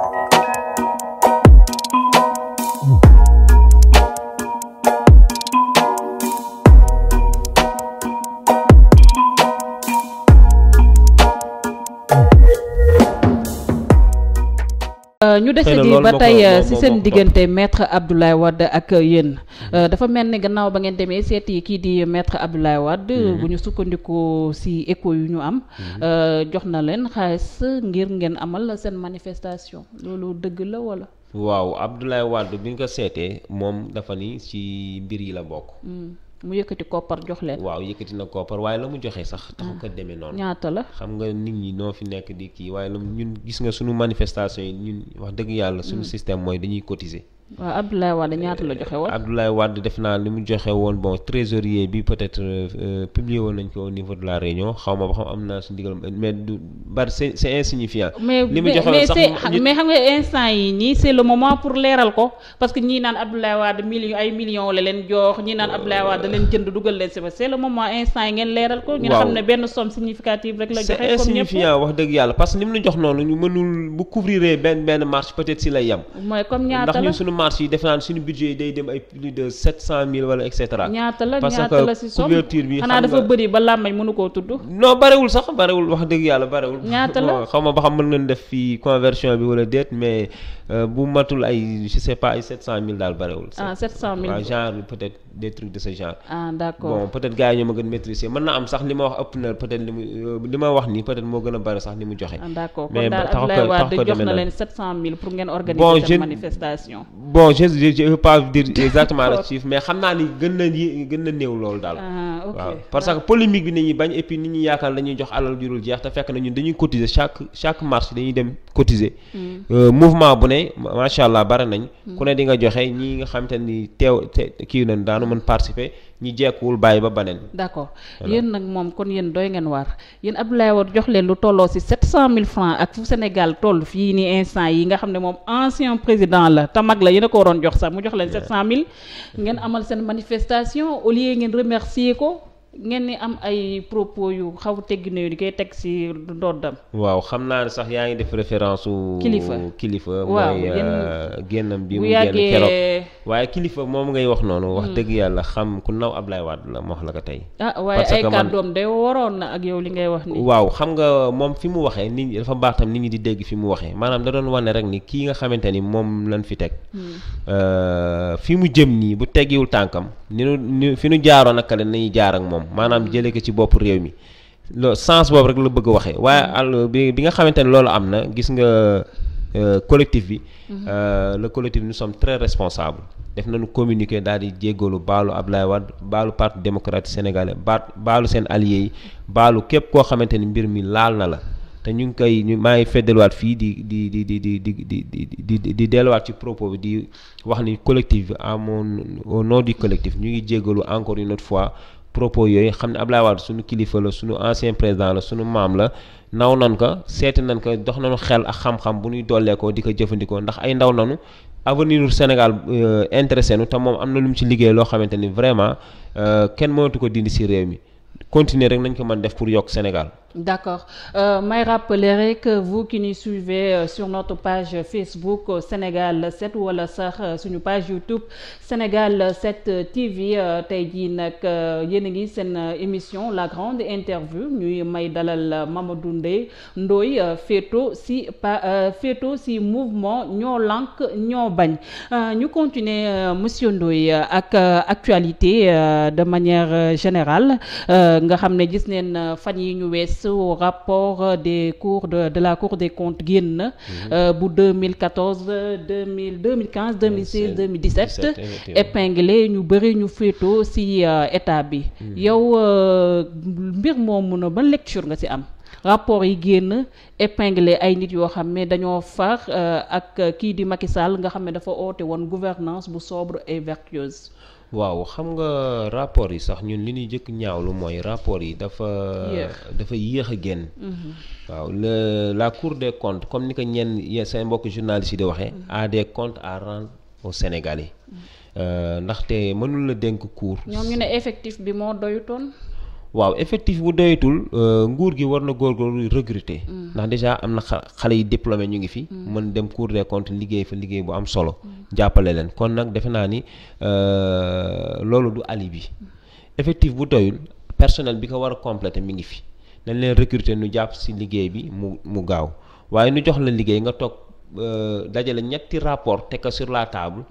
Thank you. Euh, ñu dese ji ba tey euh, si seen diggante maître Abdoulaye wadd ak yéen euh, dafa mel ni gannaaw ba ngeen demee seeti kii di maître Abdoulaye wadd mhm. bu ñu sukkandiku si écho yu ñu am. Mhm. jox na leen xaalis ngir ngeen amal seen manifestation loolu dëgg la wala. waaw Abdoulaye Wade bi ñu ko seetee moom dafa ni ci mbir yi la bokk. Mm. mu yëkkati koppar jox leen. waaw yëkkati na koppar waaye la mu joxe sax. taxu ko demee noonu ñaata la. xam nga nit ñi noo fi nekk di kii waaye la ñun gis nga suñu manifestation yi ñun wax dëgg yàlla. suñu mm. système mooy dañuy cotiser. waaw Abdoulaye Wade ñaata la joxe woon. Abdoulaye Wade def naa li mu joxe woon bon trésorier euh, de la pour leeral ko parce que naan Abdoulaye Wade millions ay millions la leen jox ñii naan Abdoulaye Wade da leen jënd dugal leen si ba c'est le moment instant yi ngeen leeral ko. waaw xam ne benn somme significative rek la joxe. comme wax dëgg yàlla parce que ni mu la jox ñu mënul benn benn mooy comme ñaata la marche yi defe naa suñu budget yi day dem ay plus de sept cent mille wala et ñaata la ñaata la si somme parce xanaa dafa bëri ba làmmañ mënu koo tudd. non barewul sax barewul wax dëgg yàlla barewul. ñaata la xaw ba xam mën nañ def fii conversion bi wala déet mais euh, bu matul ay je sais pas ay sept cent mille daal barewul. ah sept cent mille genre peut-être ah, ma gën maîtriser mën na am sax li ma wax ëpp na peut li mu euh, li ma wax nii peut moo gën a bare sax li mu joxe. Ah, bon je je je veux pas dire exactement le chiffre mais xam naa ni gën na gën na néew loolu daal. Ah. waaw parce que polémique bi nañuy bañ et puis nit ñi yaakaar dañuy jox alal jurul jeex te fekk na ñun dañuy cotiser chaque chaque marche dañuy dem cotiser. Hmm. Euh, mouvement bu ne macha allah bare nañ. Hmm. ku ne di joxe ñi nga xam te teew kii nañ daanu mën participer ñi jekkuwul bàyyi ba baneen. d'accord yéen nag moom kon yéen doy ngeen waar yéen Abdoulaye Wade jox leen lu tolloo ci 700000 francs ak fu Sénégal toll fii nii instant yi nga xam ne moom ancien président la te mag la yéen ko waroon jox sax mu jox leen 700000. ngeen ngeen ni am ay propos yu xaw teggi na yu di koy teg si ndoddam waaw xam naa ne sax yaa ngi def référence su kilifa kilifa mooy euh, génnam bi mu génn keroog waaye kilifa moom ngay wax noonu wax hmm. dëgg yàlla xam ku naw Ablaye Wade la wax la ko tey ah waaye ay kàddoom day waroon na ak yow li ngay wax waaw xam nga moom fi mu waxee nit ñi dafa baax tam nit ñi di dégg fi mu waxee maanaam da doon wane rek ni kii nga xamante ni moom lañ fi teg hmm. euh, fi mu jëm nii bu teggiwul tànkam ni nu ni fi nu jaaroo ak la nañu jaar ak moom maanaam jëlee ko ci bopp réew mi loolu sens boobu rek la bëgg a waxee waaye mm-hmm. àll bi bi nga xamante ne loolu am na gis nga euh, collective bi. Mm-hmm. Euh, le collectif nu sommes très responsable def na nañu communiqué daal di jéggalu baalu Ablaye Wade baalu parti démocratique sénégalais baalu seen alliés yi baalu képp koo xamante ni mbir mi laal na la. te ñu ngi koy maa ngi feddeluwaat fii di di di di di di di di di delluwaat ci propos bi di wax ni collectif bi à mon au nom du collectif ñu ngi jéggalu encore une autre fois propos yooyu xam ne Abdoulaye Wade suñu kilifa la suñu ancien président la suñu maam la naw nan ko seeti nan ko dox nañu xel ak xam-xam bu ñuy dollee ko di ko jëfandikoo ndax ay ndaw nanu avenir Sénégal intéressé nu te moom am na lu mu ci liggéey loo xamante ni vraiment kenn mënatu ko dindi ci réew mi continuer rek nañ ko mën def pour yokk Sénégal D'accord. Euh, may rappeler rek vous qui nous suivez euh, sur notre page Facebook euh, Sénégal 7 wala sax euh, suñu page YouTube Sénégal set euh, TV tey jii nag yéen a ngi seen émission la grande interview ñuy may dalal Mamadou Ndeye Ndoye féeto si pa féeto si mouvement ñoo lànk ñoo bañ ñu continuer monsieur Ndoye ak actualité de manière générale nga xam ne gis neen fan yi ñu wees liste au rapport des cours de de la cour des comptes génn mhm. euh, bu 2014 2000 2015 2016 2017 épinglé ñu bëri ñu féetoo ci euh, état bi mhm. yow euh, mbir moomu na ban lecture nga ci am rapport yi génn épinglé ay nit yoo xam ne dañoo far ak kii di Macky Sall nga xam ne dafa oote woon gouvernance bu sobre et vertueuse waaw xam nga rapport yi sax ñun li ñuy jëkk ñaaw lu mooy rapport yi dafa dafa yéex a génn mhm. waaw la cour de comptes comme ni ko ñenn say mbokk journaliste yi di waxee mhm. a des comptes à rendre au Sénégalais mhm. euh, ndaxte mënul la dénk cour ñoom ñu ne effectif bi moo doyutoon waaw effectif bu doyatul euh, nguur gi war na góor góorgóorlu recruter. Mm. ndax déjà am na xale yi diplômé ñu ngi fi. Mm. mën dem cour des comptes liggéey fa liggéey bu am solo. Mm. jàppale leen kon nag defe naa ni euh, loolu du ali bi effectif bu doyul personnel bi ko war a compléter mi ngi fi nañ leen recruter nu jàpp ci liggéey bi mu mu gaaw waaye nu jox la liggéey nga toog euh, dajale ñetti rapport te ko sur la table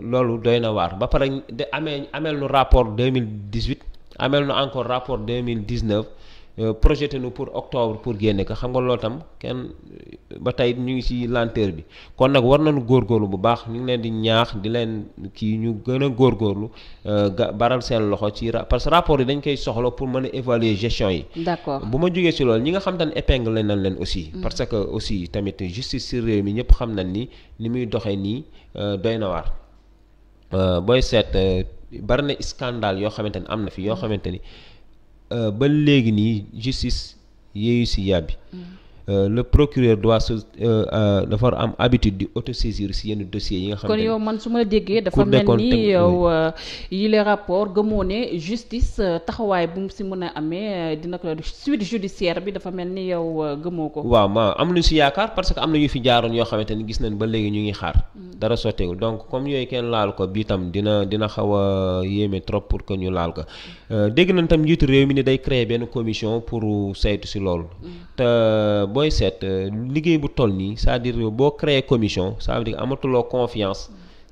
loolu doy na waar ba pare amee ameel nu rapport 2018. amel na encore rapport 2019 euh, projeté nu pour octobre pour génne ko xam nga loo tam kenn ba tey ñu ngi ci lenteur bi kon nag war na góor góorlu bu baax ñu ngi leen di ñaax di leen kii ñu gën a góorlu euh, ga baral seen loxo ci parce que rapport yi dañ koy soxla pour mën a évaluer gestion yi. d'accord bu ma jógee ci loolu ñi nga xam te ne épingle nañ leen aussi. Mm. parce que aussi tamit justice ci réew mi ñëpp xam nañ ni ni muy doxee nii euh, doy na waar euh, booy seet. bari na scandale yoo xamante ni am na fi yoo xamante ni euh, ba léegi nii justice yéeyu si yàbbi mm. Euh, le procureur doit euh, euh, dafa am habitude di autosaisir si yenn dossiers yi nga xam ne kon yow man su ma la déggee dafa mel ni yow yi les rapports gëmoo ne justice taxawaay bu mu si mën a amee dina ko suite judiciaire bi dafa mel ni yow gëmoo ko waaw ma am nañu si yaakaar parce que am na yu fi jaaroon yoo xamante ni gis nañ ba léegi ñu ngi xaar mm. dara sotteegul donc comme yooyu kenn laal ko bii tam dina dina xaw yéeme trop pour que ñu laal ko dégg nañ tam njiitu réew mi ne day créer benn commission pour saytu si loolu mm. booy seet euh, liggéey bu toll nii c'est-à-dire boo créer commission ça veut dire amatuloo confiance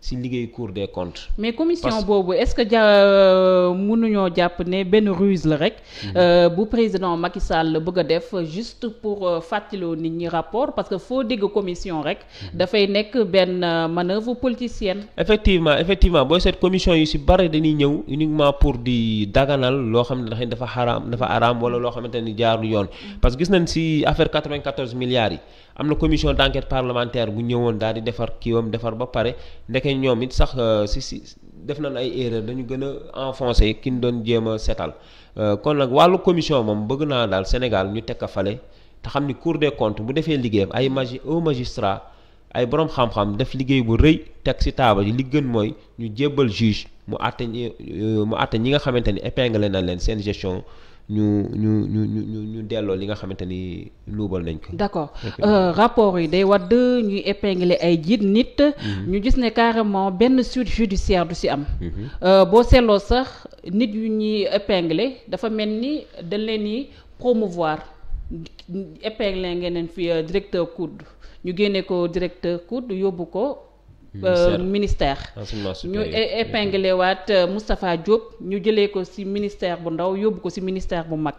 si liggéey cour des comptes. mais commission boobu est-ce que ja euh, mënuñoo jàpp ne benn ruse la rek. Mhm. Euh, bu président Macky Sall bëgg a def juste pour euh, fàttaloo nit ñi rapport parce que foo dégg commission rek. Mhm. dafay nekk benn manœuvre politicienne. effectivement effectivement booy set commission yu si bari dañuy ñëw uniquement pour di daganal loo xam ne dafa xaraam dafa araam wala loo xam xamante ni jaarul yoon mhm. parce que gis nañ si affaire 94 milliards yi. am na commission d'enquête parlementaire bu ñëwoon daal di defar kiiwam defar ba pare ndeke ñoom it sax euh, si si def nañ ay erreur dañu gën a enfoncé ki nu doon jéem a setal euh, kon nag wàllu commission moom bëgg naa daal Sénégal ñu teg a fale te xam ni Cour des comptes bu defee liggéeyam ay magi au magistrat ay borom xam-xam def liggéey bu rëy teg ci taabal yi li gën mooy ñu jébbal juge mu àtte euh, mu àtte ñi nga xamante ni épinglé na leen seen gestion ñu ñu ñu ñu ñu delloo li nga xamante ni luubal nañ ko. d'accord euh, rapport yi day wadd ñuy épingler ay jiit nit. Mhm. ñu gis ne carrément benn suite judiciaire du si am. Mhm. Euh, boo seetloo sax nit yu ñuy épingler dafa mel ni dañ ni di promouvoir épingler ngeen fi euh, directeur COUD ñu génne ko directeur COUD yóbbu ko. Euh, ministère ñu e- épinglé mustapha Moustapha ñu jëlee ko ci ministère bu ndaw yóbbu ko ci ministère bu mag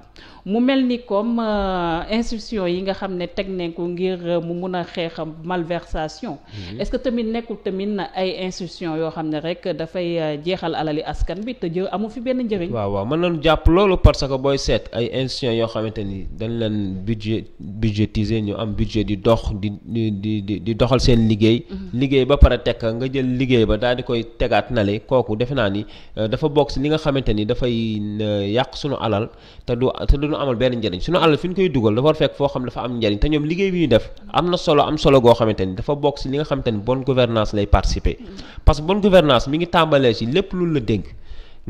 mu mel ni comme euh, institution yi nga xam ne teg nañ ko ngir euh, mu mun a xeex malversation mhm. est-ce que tamit nekkul tamit ay institution yoo xam ne rek dafay jeexal alali askan bi te jë amu fi benn njëriñ waaw waaw mën nañu jàpp loolu parce que booy seet ay institution yoo xamante ni dañ leen budget budgétiser ñu am budget di dox di di di di doxal seen liggéey mhm. teg nga jël liggéey ba daal di koy tegaat nale kooku defe naa ni euh, dafa bokk si ni nga xamante ni dafay euh, yàq suñu alal te du te du amal benn njëriñ suñu alal fi ñu koy dugal dafa war fekk foo xam dafa am njëriñ te ñoom liggéey bi ñu def am na solo am solo goo xamante ni dafa bokk si ni nga xamante ni bonne gouvernance lay participer mm. parce bon bonne gouvernance mi ngi tàmbalee si lépp lu la dénk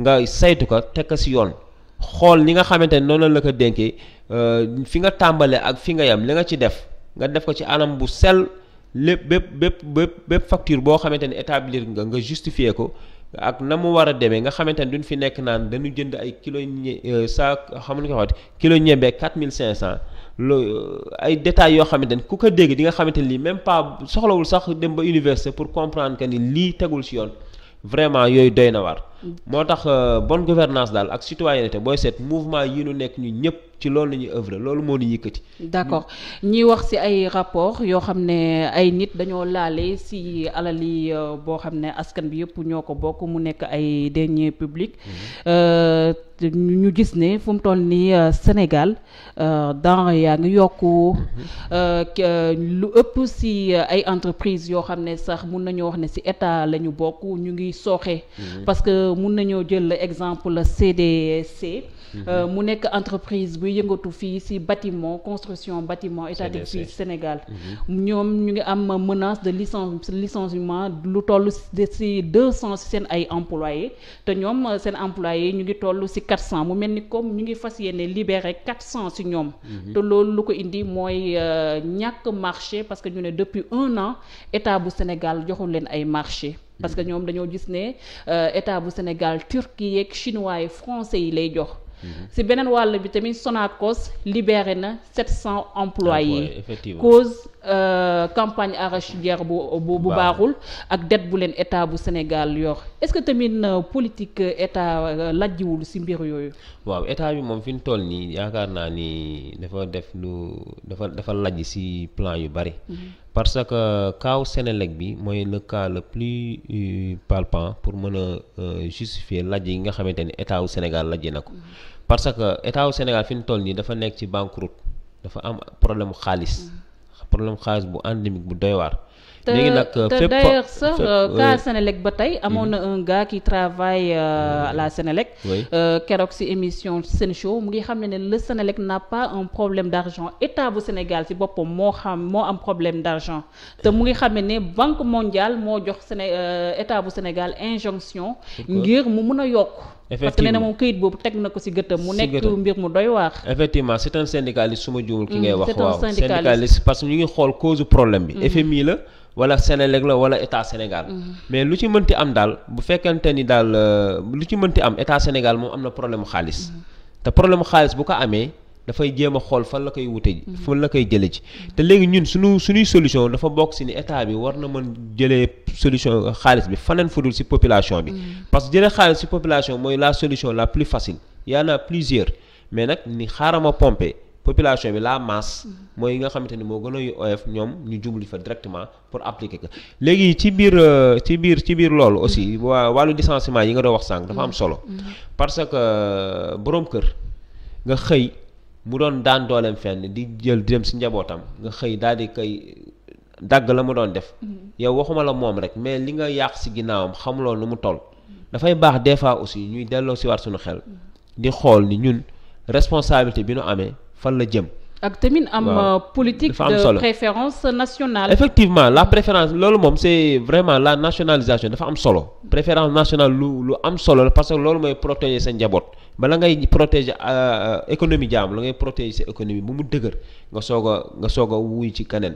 nga saytu ko teg ko si yoon xool li nga xamante ni noonu la ko dénkee euh, fi nga tàmbalee ak fi nga yem li nga ci def nga def ci anam bu sell lépp bépp bépp bépp bépp facture boo xamante ne établir nga nga justifier ko ak na mu war a demee nga xamante ne duñ fi nekk naan dañu jënd ay kilo ñe euh, saa xam nga ko waxati kilo cinq cent loo euh, ay détails yoo xamante ne ku ko dégg di nga xamante ne lii même pas soxlawul sax dem ba université pour comprendre que ni lii tegul ci yoon vraiment yooyu doy na war moo tax euh, bonne gouvernance daal ak citoyenneté booy seet mouvement yi ñu nekk ñu ñëpp ci loolu la ñuy œuvre loolu moo ñu yëkkati. d'accord ñuy wax ci ay rapport yoo xam ne ay nit dañoo laale ci alal yi euh, boo xam ne askan bi yëpp ñoo ko bokk mu nekk ay deniers publics. Mhm. Euh, ñu gis ne fu mu toll nii Sénégal denrée yaa ngi yokku mhm. lu ëpp ci ay entreprises yoo xam ne sax mun nañoo wax ne ci état la ñu bokk ñu ngi sooxe mhm. parce mun nañoo jël exemple CDC mhm. euh, mu nekk entreprise bu yëngatu fii ci bâtiment construction bâtiment étatique fii Sénégal mhm. ñoom ñu ngi am menace de licence licenciement lu toll ci deux cent ci seen ay emploie te ñoom euh, seen employés ñu ngi toll ci quatre cent mu mel ni comme ñu ngi fas yéene libérer quatre cent ci ñoom mhm. te loolu lu ko indi mooy euh, ñàkk marché parce que ñu ne depuis un an état bu Sénégal joxul leen ay marché parce que ñoom dañoo gis ne euh, état bu Sénégal Turquie yeeg chinois yi français yi lay jox. Mhm. si beneen wàll bi tamit Sonacos libéré na 700 employés effectivement cause euh, campagne arachidière bu bu bu baaxul ak det bu leen état bu Sénégal yor est-ce que tamit euh, politique euh, état lajjiwul si mbir yooyu waaw état bi moom fi ñu toll nii yaakaar naa ni dafa def lu dafa dafa lajj si plan yu bari mhm. parce que kaw Senelec bi mooy le cas le plus euh, palpant pour mën a euh, justifier lajj yi nga xamante ni état wu Sénégal lajj na ko mm-hmm. parce que état wu Sénégal fi ñu toll nii dafa nekk ci banqueroute dafa am problème xaalis mm-hmm. problème xaalis bu endémique bu doy waar léegi euh, euh, te d'ailleurs sax cas euh, Sénélec ba tey mm-hmm. amoon na un gars qui travaille mm-hmm. la Sénélec. keroog si émission Sen Show mu ngi xam ne ne le Sénélec n'a pas un problème d'argent état bu Sénégal si boppam moo xam moo am problème d'argent te mu ngi xam ne ne banque mondiale moo jox Séné état bu Sénégal injonction ngir mu mun a yokk. parce que nee moom këyit boobu teg na ko si gëttam mu nekk mbir mu doy waax effectivement c'est un su ma juumul ki ngay mm, wax waaw syndicaliste parce que ñu ngi xool cause problème bi mm-hmm. FMI la wala Sénélec la wala état Sénégal mm-hmm. mais lu ci mënti am daal bu fekkente ni daal euh, lu ci mënti am état Sénégal moom am na problème xaalis mm-hmm. te problème xaalis bu ko amee dafay jéem a xool fan la koy wute ji mm-hmm. fan la koy jële ji te léegi ñun suñu suñuy solution dafa bokk si ni état bi war na mën jëlee solution euh, xaalis bi faneen fudul si population bi mm-hmm. parce que jëlee xaalis si population mooy la solution la plus facile y en a plusieurs mais nag ni ma pompe population bi la masse mm-hmm. mooy yi nga xamante ni moo gën a oyof ñoom ñu jublu fa directement pour appliquer ko léegi ci biir euh, ci biir ci biir loolu aussi waa wàllu licenciement yi nga doon wax sànq dafa am solo parce que euh, boroom kër xëy mu doon daan dooleem fenn di jël di dem si njabootam nga xëy daal di koy dagg la mu doon def mm-hmm. yow waxuma la moom rek mais li nga yàq si ginnaawam xamuloo nu mu toll dafay baax des fois aussi ñuy delloo si waat suñu xel mm-hmm. di xool ni ñun responsabilité bi nu amee fan la jëm ak tamit am euh, politique de préférence nationale effectivement la préférence loolu moom c'est vraiment la nationalisation dafa am solo préférence nationale lu lu am solo la parce que loolu mooy protéger sa njaboot bala ngay protéger euh, euh, économie jaam la ngay protéger sa économie bu mu dëgër nga soog a nga soog a wuy ci keneen